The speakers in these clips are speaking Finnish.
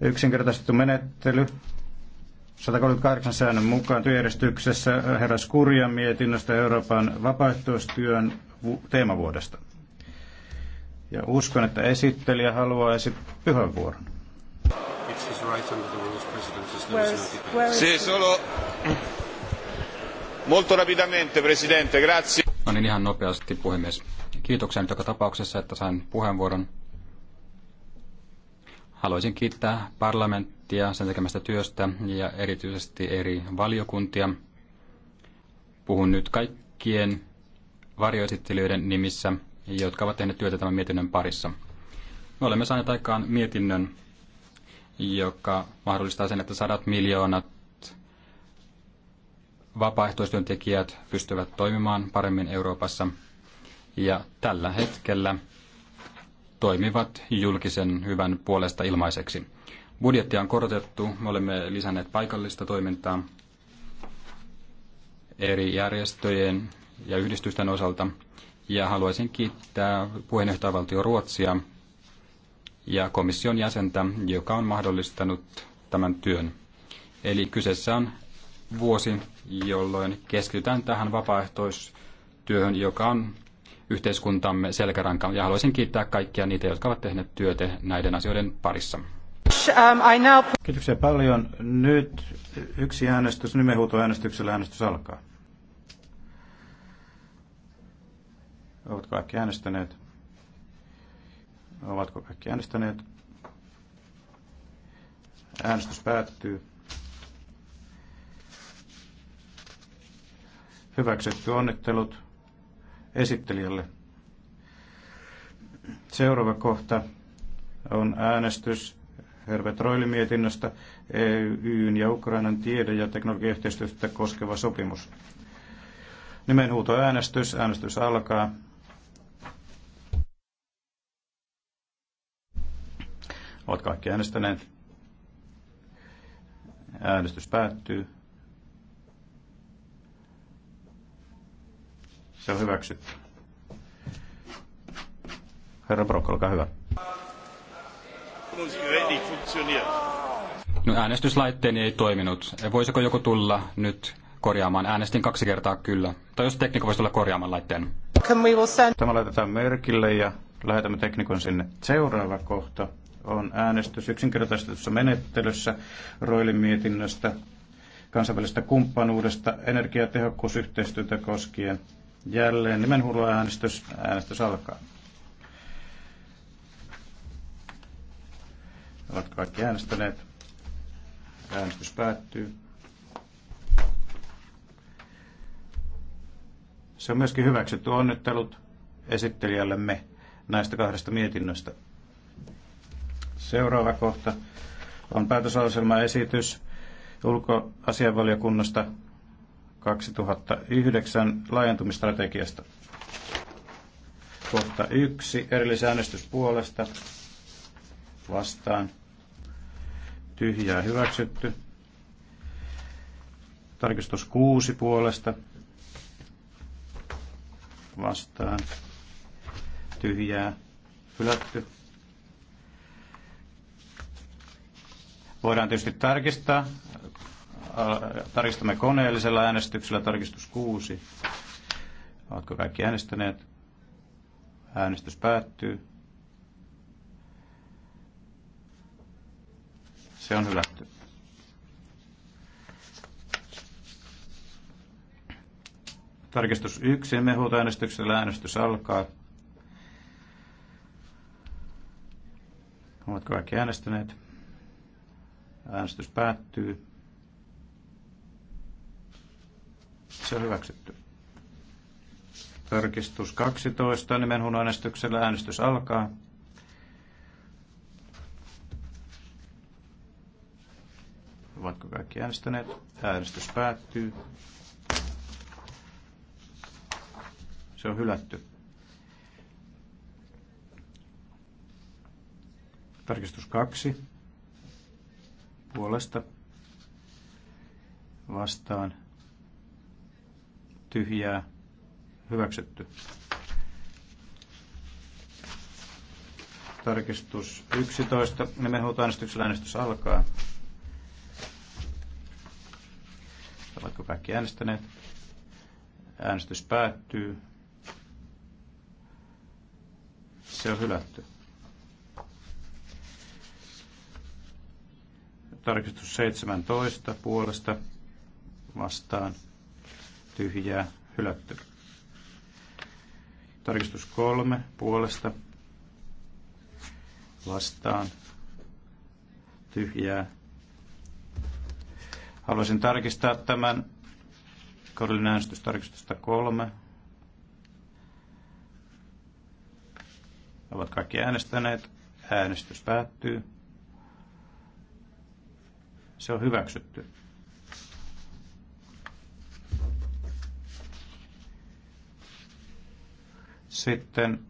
yksinkertaistettu menettely 138 säännön mukaan työjärjestyksessä herras Kurjan mietinnöstä Euroopan vapaaehtoistyön teemavuodesta. Ja uskon, että esittelijä haluaisi puheenvuoron. Se no solo... Molto rapidamente, presidente, grazie. No niin, ihan nopeasti, puhemies. Kiitoksia nyt joka tapauksessa, että sain puheenvuoron haluaisin kiittää parlamenttia sen tekemästä työstä ja erityisesti eri valiokuntia. Puhun nyt kaikkien varjoesittelijöiden nimissä, jotka ovat tehneet työtä tämän mietinnön parissa. Me olemme saaneet aikaan mietinnön, joka mahdollistaa sen, että sadat miljoonat vapaaehtoistyöntekijät pystyvät toimimaan paremmin Euroopassa. Ja tällä hetkellä toimivat julkisen hyvän puolesta ilmaiseksi. Budjettia on korotettu, me olemme lisänneet paikallista toimintaa eri järjestöjen ja yhdistysten osalta. Ja haluaisin kiittää puheenjohtajavaltio Ruotsia ja komission jäsentä, joka on mahdollistanut tämän työn. Eli kyseessä on vuosi, jolloin keskitytään tähän vapaaehtoistyöhön, joka on yhteiskuntamme selkäranka. Ja haluaisin kiittää kaikkia niitä, jotka ovat tehneet työtä näiden asioiden parissa. Um, Kiitoksia paljon. Nyt yksi äänestys, nimenhuutoäänestyksellä äänestys alkaa. Ovat kaikki äänestäneet? Ovatko kaikki äänestäneet? Äänestys päättyy. Hyväksytty onnittelut esittelijälle. Seuraava kohta on äänestys Herbert Roilin mietinnöstä EUn ja Ukrainan tiede- ja teknologiayhteistyötä koskeva sopimus. Nimenhuuto äänestys. Äänestys alkaa. Ovat kaikki äänestäneet. Äänestys päättyy. Se on hyväksytty. Herra Brock, olkaa hyvä. No, äänestyslaitteeni ei toiminut. Voisiko joku tulla nyt korjaamaan? Äänestin kaksi kertaa kyllä. Tai jos tekniikka voisi tulla korjaamaan laitteen. Tämä laitetaan merkille ja lähetämme teknikon sinne. Seuraava kohta on äänestys yksinkertaistetussa menettelyssä Roilin mietinnöstä kansainvälisestä kumppanuudesta energiatehokkuusyhteistyötä koskien. Jälleen nimenhuutoäänestys. Äänestys äänestys alkaa. Ovat kaikki äänestäneet. Äänestys päättyy. Se on myöskin hyväksytty onnittelut esittelijällemme näistä kahdesta mietinnöstä. Seuraava kohta on esitys ulkoasianvaliokunnasta 2009 laajentumistrategiasta. Kohta yksi erillisäänestys puolesta vastaan. Tyhjää hyväksytty. Tarkistus kuusi puolesta vastaan. Tyhjää hylätty. Voidaan tietysti tarkistaa Tarkistamme koneellisella äänestyksellä tarkistus 6. Oletko kaikki äänestäneet? Äänestys päättyy. Se on hylätty. Tarkistus 1. äänestyksellä. äänestys alkaa. Ovatko kaikki äänestäneet? Äänestys päättyy. Se on hyväksytty. Tarkistus 12. Nimenhuun äänestyksellä äänestys alkaa. Ovatko kaikki äänestäneet? Äänestys päättyy. Se on hylätty. Tarkistus 2. Puolesta vastaan tyhjää hyväksytty. Tarkistus 11. Me äänestyksellä äänestys alkaa. Ovatko kaikki äänestäneet? Äänestys päättyy. Se on hylätty. Tarkistus 17 puolesta vastaan tyhjää, hylätty. Tarkistus kolme puolesta vastaan tyhjää. Haluaisin tarkistaa tämän äänestys tarkistusta kolme. Ovat kaikki äänestäneet. Äänestys päättyy. Se on hyväksytty. Sitten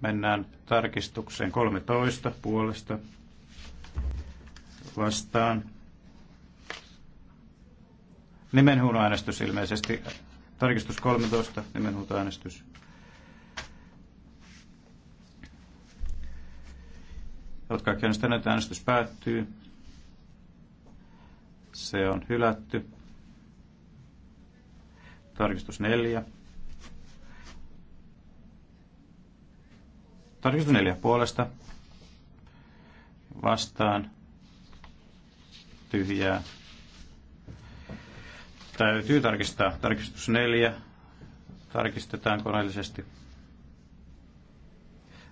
mennään tarkistukseen 13 puolesta vastaan. Nimenhuunoäänestys ilmeisesti. Tarkistus 13, nimenhuutoäänestys. Olet kaikki äänestäneet, äänestys päättyy. Se on hylätty. Tarkistus 4 Tarkistusneljä puolesta. Vastaan. Tyhjää. Täytyy tarkistaa. Tarkistus neljä. Tarkistetaan koneellisesti.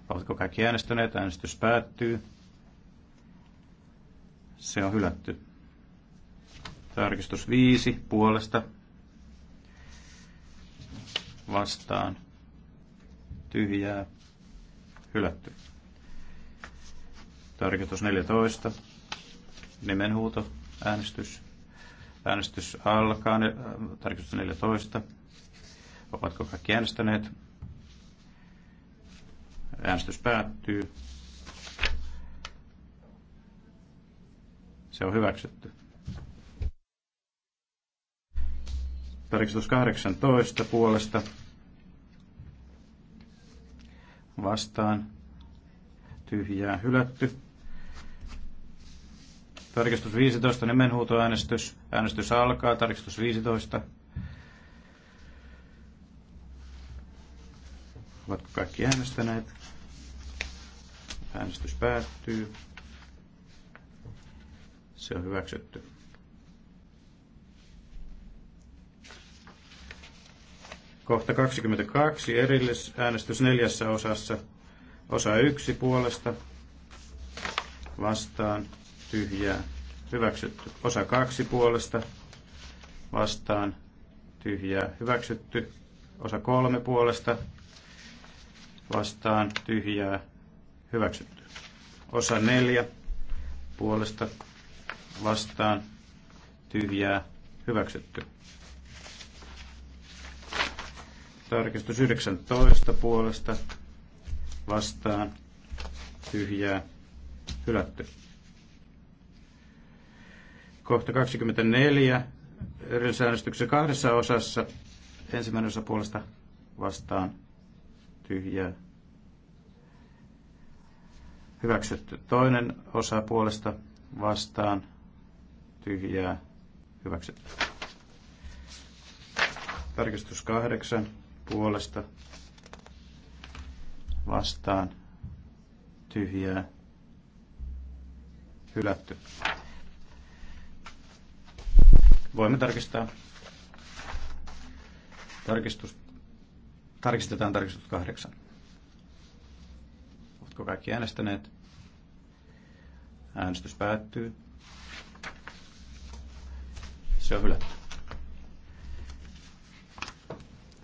Oletko kaikki äänestäneet? Äänestys päättyy. Se on hylätty. Tarkistus 5 puolesta vastaan tyhjää hylätty. Tarkoitus 14. Nimenhuuto. Äänestys. Äänestys alkaa. tarkoitus 14. Ovatko kaikki äänestäneet? Äänestys päättyy. Se on hyväksytty. Tarkistus 18 puolesta vastaan tyhjää hylätty. Tarkistus 15, nimenhuutoäänestys. Äänestys alkaa, tarkistus 15. Ovatko kaikki äänestäneet? Äänestys päättyy. Se on hyväksytty. Kohta 22 äänestys neljässä osassa. Osa yksi puolesta vastaan tyhjää hyväksytty. Osa kaksi puolesta vastaan tyhjää hyväksytty. Osa kolme puolesta vastaan tyhjää hyväksytty. Osa neljä puolesta vastaan tyhjää hyväksytty. Tarkistus 19 puolesta vastaan tyhjää hylätty. Kohta 24 erillisäännöstyksen kahdessa osassa. Ensimmäinen osa puolesta vastaan tyhjää hyväksytty. Toinen osa puolesta vastaan tyhjää hyväksytty. Tarkistus kahdeksan puolesta vastaan tyhjää hylätty. Voimme tarkistaa. Tarkistus. Tarkistetaan tarkistus kahdeksan. Oletko kaikki äänestäneet? Äänestys päättyy. Se on hylätty.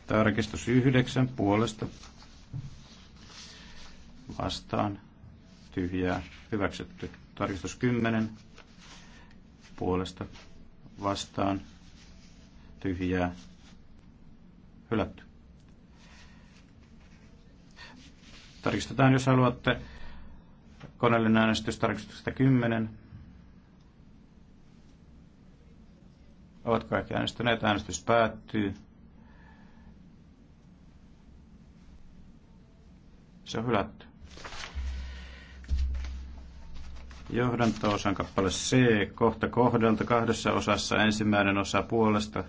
Tarkistus yhdeksän puolesta vastaan tyhjää hyväksytty. Tarkistus 10 puolesta vastaan tyhjää hylätty. Tarkistetaan, jos haluatte koneellinen äänestys tarkistuksesta 10. Ovat kaikki äänestäneet. Äänestys päättyy. Se on hylätty. Johdanto-osan kappale C, kohta kohdalta kahdessa osassa, ensimmäinen osa puolesta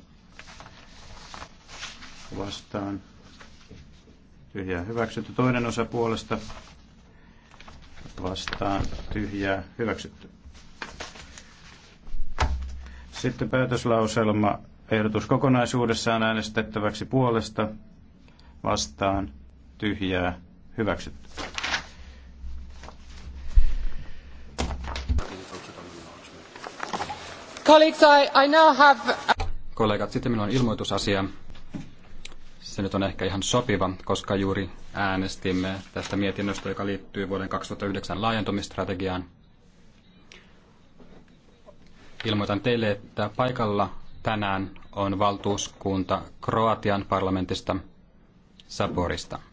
vastaan. Tyhjää hyväksytty. Toinen osa puolesta vastaan. Tyhjää hyväksytty. Sitten päätöslauselma. Ehdotus kokonaisuudessaan äänestettäväksi puolesta vastaan. Tyhjää Hyväksytty. Kollegat, sitten minulla on ilmoitusasia. Se nyt on ehkä ihan sopiva, koska juuri äänestimme tästä mietinnöstä, joka liittyy vuoden 2009 laajentumistrategiaan. Ilmoitan teille, että paikalla tänään on valtuuskunta Kroatian parlamentista Saporista.